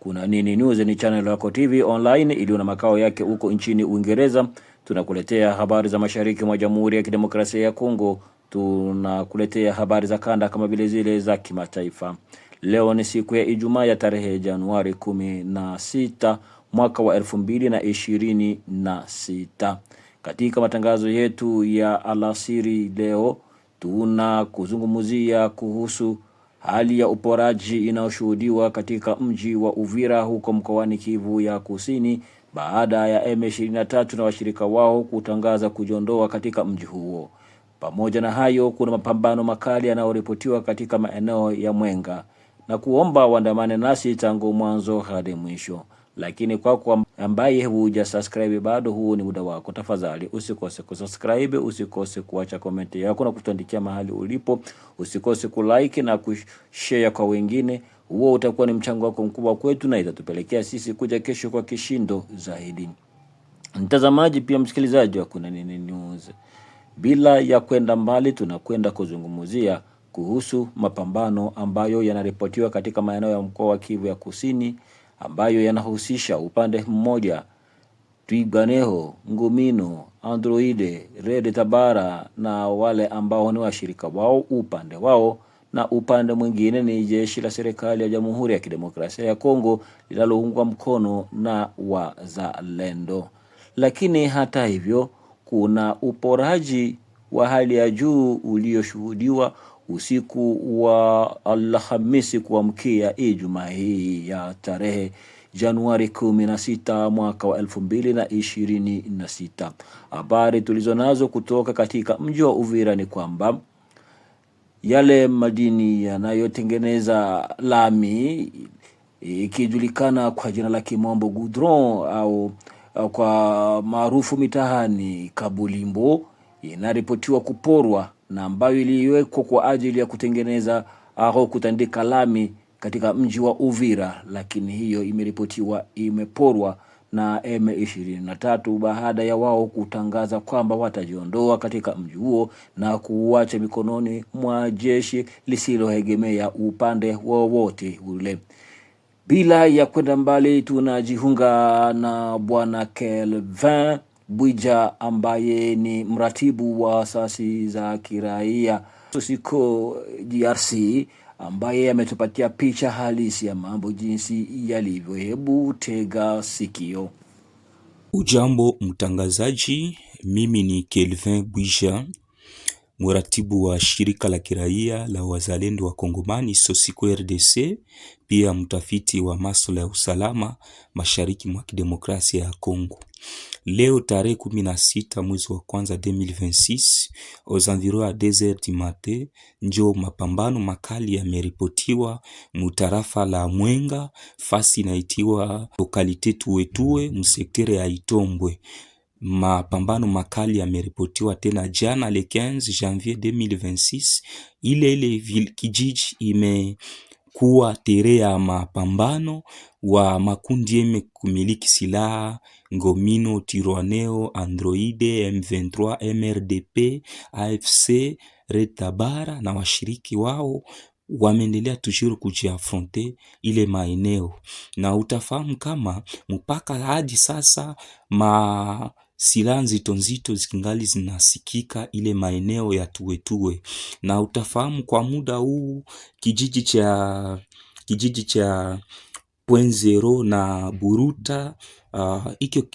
Kuna Nini News ni channel yako TV online iliyo na makao yake huko nchini Uingereza. Tunakuletea habari za mashariki mwa Jamhuri ya Kidemokrasia ya Kongo, tunakuletea habari za kanda kama vile zile za kimataifa. Leo ni siku ya Ijumaa ya tarehe Januari 16 mwaka wa elfu mbili na ishirini na sita. Katika matangazo yetu ya alasiri leo tuna kuzungumzia kuhusu Hali ya uporaji inayoshuhudiwa katika mji wa Uvira huko mkoani Kivu ya Kusini baada ya M23 na washirika wao kutangaza kujiondoa katika mji huo. Pamoja na hayo, kuna mapambano makali yanayoripotiwa katika maeneo ya Mwenga na kuomba waandamane nasi tangu mwanzo hadi mwisho, lakini kwako kwa ambaye subscribe bado, huo ni muda wako. Tafadhali usikose kusubscribe, usikose kuacha komenti yako na kutuandikia mahali ulipo, usikose kulike na kushare kwa wengine. Huo utakuwa ni mchango wako mkubwa kwetu na itatupelekea sisi kuja kesho kwa kishindo zaidi. Mtazamaji pia msikilizaji wa Kuna Nini News, bila ya kwenda mbali, tunakwenda kuzungumzia kuhusu mapambano ambayo yanaripotiwa katika maeneo ya mkoa wa Kivu ya Kusini ambayo yanahusisha upande mmoja Twiganeho, Ngumino, Androide, Red Tabara na wale ambao ni washirika wao upande wao, na upande mwingine ni jeshi la serikali ya Jamhuri ya Kidemokrasia ya Kongo linaloungwa mkono na wazalendo. Lakini hata hivyo, kuna uporaji wa hali ya juu ulioshuhudiwa usiku wa Alhamisi kuamkia Ijumaa e hii ya tarehe Januari 16 mwaka wa 2026. Habari tulizonazo kutoka katika mji wa Uvira ni kwamba yale madini yanayotengeneza lami ikijulikana kwa jina la kimombo goudron au, au kwa maarufu mitaani kabulimbo inaripotiwa kuporwa na ambayo iliwekwa kwa ajili ya kutengeneza ah, au kutandika lami katika mji wa Uvira, lakini hiyo imeripotiwa imeporwa na M23 baada ya wao kutangaza kwamba watajiondoa katika mji huo na kuuacha mikononi mwa jeshi lisiloegemea upande wowote ule. Bila ya kwenda mbali, tunajiunga na bwana Kelvin Bwija ambaye ni mratibu wa asasi za kiraia Sosiko DRC ambaye ametupatia picha halisi ya mambo jinsi yalivyo. Hebu tega sikio. Ujambo mtangazaji, mimi ni Kelvin Bwija, mratibu wa shirika la kiraia la wazalendo wa Kongomani Sosiko RDC, pia mtafiti wa masuala ya usalama mashariki mwa kidemokrasia ya Kongo. Leo tarehe kumi na sita mwezi wa kwanza 2026 aux environs ya 2h du matin, njo mapambano makali yameripotiwa mutarafa la Mwenga, fasi inaitiwa lokalite Tuwetue msektere ya Itombwe. Mapambano makali yameripotiwa tena jana le 15 janvier 2026, ile ile kijiji ime kuwa tere ya mapambano wa makundi yeme kumiliki silaha Ngomino Tiroaneo Androide M23 MRDP AFC Red Tabara na washiriki wao wameendelea tujuru kujiafronte ile maeneo, na utafahamu kama mpaka hadi sasa ma silaha nzito nzito zikingali zinasikika ile maeneo ya Tuwetuwe, na utafahamu kwa muda huu kijiji cha kijiji cha Pwenzero na Buruta Ah,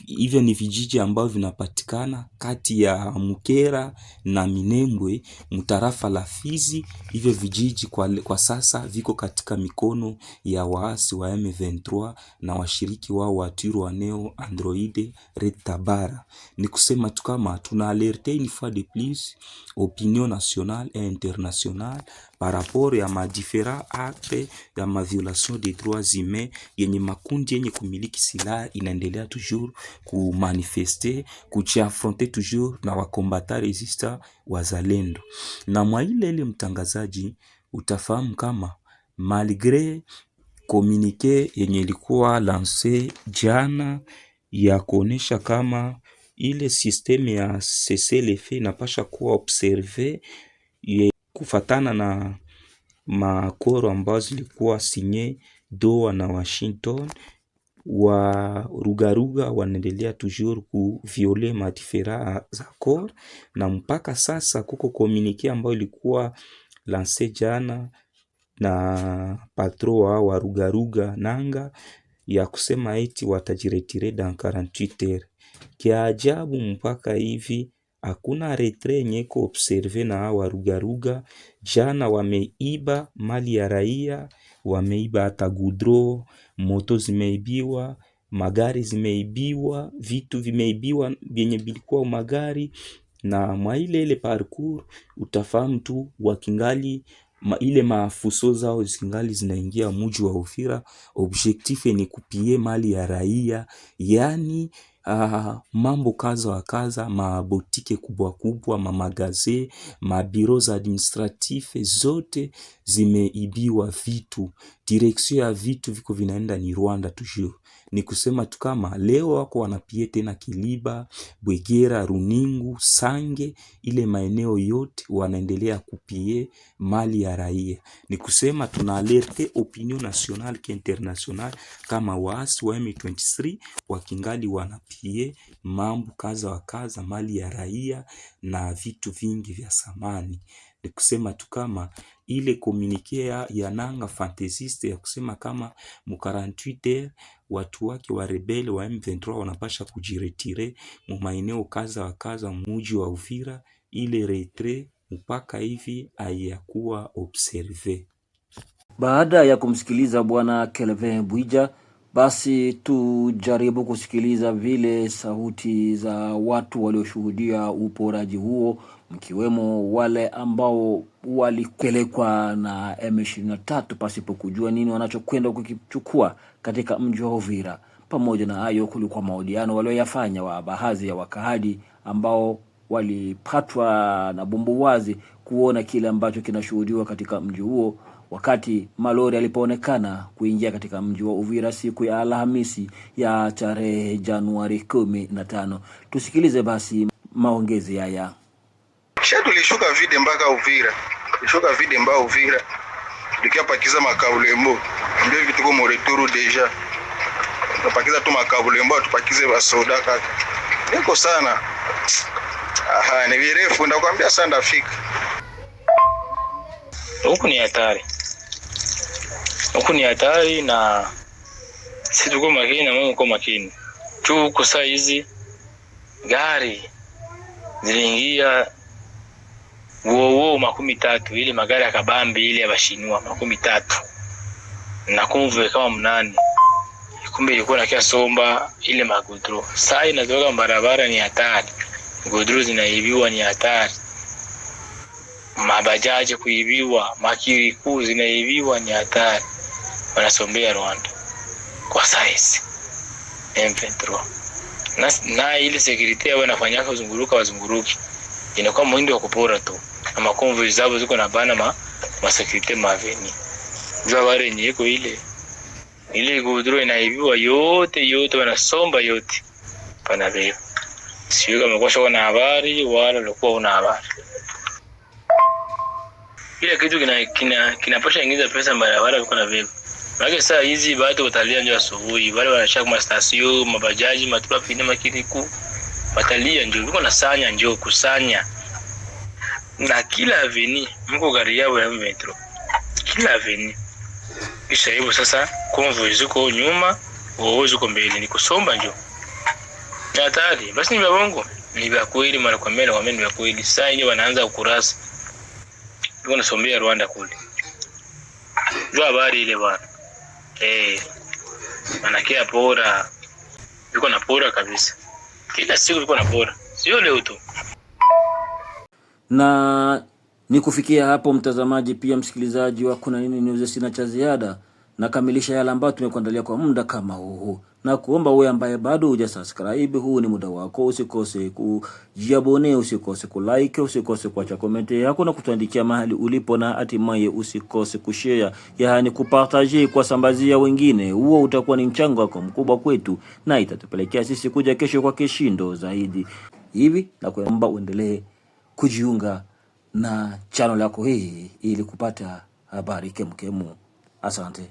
hivyo ni vijiji ambavyo vinapatikana kati ya Mukera na Minembwe mtarafa la Fizi. Hivyo vijiji kwa, kwa sasa viko katika mikono ya waasi wa M23 na washiriki wao wa Twirwaneho Android Red Tabara. Ni kusema tu kama tuna alerte une fois de plus opinion nationale et internationale par rapport ya madifera acte ya maviolation des droits humains yenye makundi yenye kumiliki silaha inaendelea kuendelea toujours kumanifeste kujiafronte toujours na wakombata resista wazalendo. Na mwa ile ile, mtangazaji, utafahamu kama malgre komunike yenye ilikuwa lanse jana ya kuonesha kama ile sisteme ya CCLF inapasha kuwa observe ye kufatana na makoro ambayo zilikuwa sinye Doha na Washington rugaruga wanaendelea toujours kuviole madifera za kor na mpaka sasa kuko komunike ambayo ilikuwa lanse jana na patro wa warugaruga nanga ya kusema eti watajiretire dans 48 heures. Kia ajabu mpaka hivi hakuna retre yenye observe na warugaruga. Jana wameiba mali ya raia wameiba hata gudro, moto zimeibiwa, magari zimeibiwa, vitu vimeibiwa vyenye vilikuwa magari. Na mwa ile ile parkour utafahamu tu wakingali ma ile maafuso zao zingali zinaingia muji wa Uvira, objektif ni kupie mali ya raia yani Ah, mambo kaza wa kaza mabotike kubwa kubwa, mamagaze, mabiro za administratif zote zimeibiwa vitu. Direksio ya vitu viko vinaenda ni Rwanda toujours ni kusema tu kama leo wako wanapie tena Kiliba, Bwegera, Runingu, Sange, ile maeneo yote wanaendelea kupie mali ya raia. Ni kusema tuna alerte opinion nationale ke international kama waasi wa M23 wakingali wanapie mambo kaza wa kaza mali ya raia na vitu vingi vya samani ni kusema tu kama ile komunike ya nanga fantasiste ya kusema kama mu 48 watu wake wa rebel wa M23 wanapasha kujiretire mu maeneo kaza wa kaza muji wa Uvira, ile retre mpaka hivi ayakuwa observe. Baada ya kumsikiliza bwana Kelvin Bwija, basi tujaribu kusikiliza vile sauti za watu walioshuhudia uporaji huo mkiwemo wale ambao walipelekwa na M23 pasipo kujua nini wanachokwenda kukichukua katika mji wa Uvira. Pamoja na hayo, kulikuwa mahojiano walioyafanya wa baadhi ya wakaaji ambao walipatwa na bumbuwazi kuona kile ambacho kinashuhudiwa katika mji huo wakati malori alipoonekana kuingia katika mji wa Uvira siku ya Alhamisi ya tarehe Januari kumi na tano. Tusikilize basi maongezi haya kisha tulishuka vide mpaka Uvira, tulishuka vide mpaka Uvira tukiapakiza makabulembo ndio hivi tuko moreturu deja, tupakiza tu makabulembo, tupakize basoda kaka, niko sana aha, ni virefu ndakwambia sana, ndafika huku. Ni hatari huku, ni hatari na si tuko makini, na mimi niko makini tu huku. Saa hizi gari ziliingia wo wo makumi tatu ili magari ya kabambi ile yabashinua makumi tatu na kumve kama mnani kumbe ilikuwa nakia somba ile magudro sai inatoka barabara ni hatari gudru zinaibiwa ni hatari mabajaji kuibiwa makiri kuu zinaibiwa ni hatari wanasombea Rwanda kwa saizi M23 na, na ile security yao wanafanyaka wazunguruka wazunguruki inakuwa mwindo wa kupora tu na amakomvuri zabo ziko na bana ma ma masekirite maveni njo barenye iko ile ile gudro inaibiwa yote yote, somba yote panabeba. Sijui kama kwa shona habari wala lokuwa una habari kila kitu kina kina kinapasha ingiza pesa barabara uko na beba Mage saa hizi watu watalia ndio asubuhi, wale wanashaka mastasio, mabajaji, matupa pindi makiliku. Watalia ndio uko na sanya ndio kusanya na kila veni mko gari yao ya metro, kila veni kisha hivyo sasa, konvoy ziko nyuma, wao ziko mbele, ni kusomba njo hatari. Basi ni babongo, ni vya kweli, mara kwa mara wameni vya kweli. saa yenyewe wanaanza ukurasa, ndio nasombea Rwanda kule, ndio habari ile bwana eh, manakia pora, yuko na pora kabisa, kila siku yuko na pora, sio leo tu. Na ni kufikia hapo, mtazamaji pia msikilizaji wa Kuna Nini News, sina cha ziada, nakamilisha yale ambayo tumekuandalia kwa muda kama huu, na kuomba wewe ambaye bado huja subscribe, huu ni muda wako, usikose kujiabone, usikose ku like, usikose kuacha comment yako na kutuandikia mahali ulipo, na hatimaye usikose kushare, yaani kupartaje, kuwasambazia wengine. Huo utakuwa ni mchango wako mkubwa kwetu, na itatupelekea sisi kuja kesho kwa kishindo zaidi hivi, na kuomba uendelee kujiunga na channel yako hii ili kupata habari kemkemu. Asante.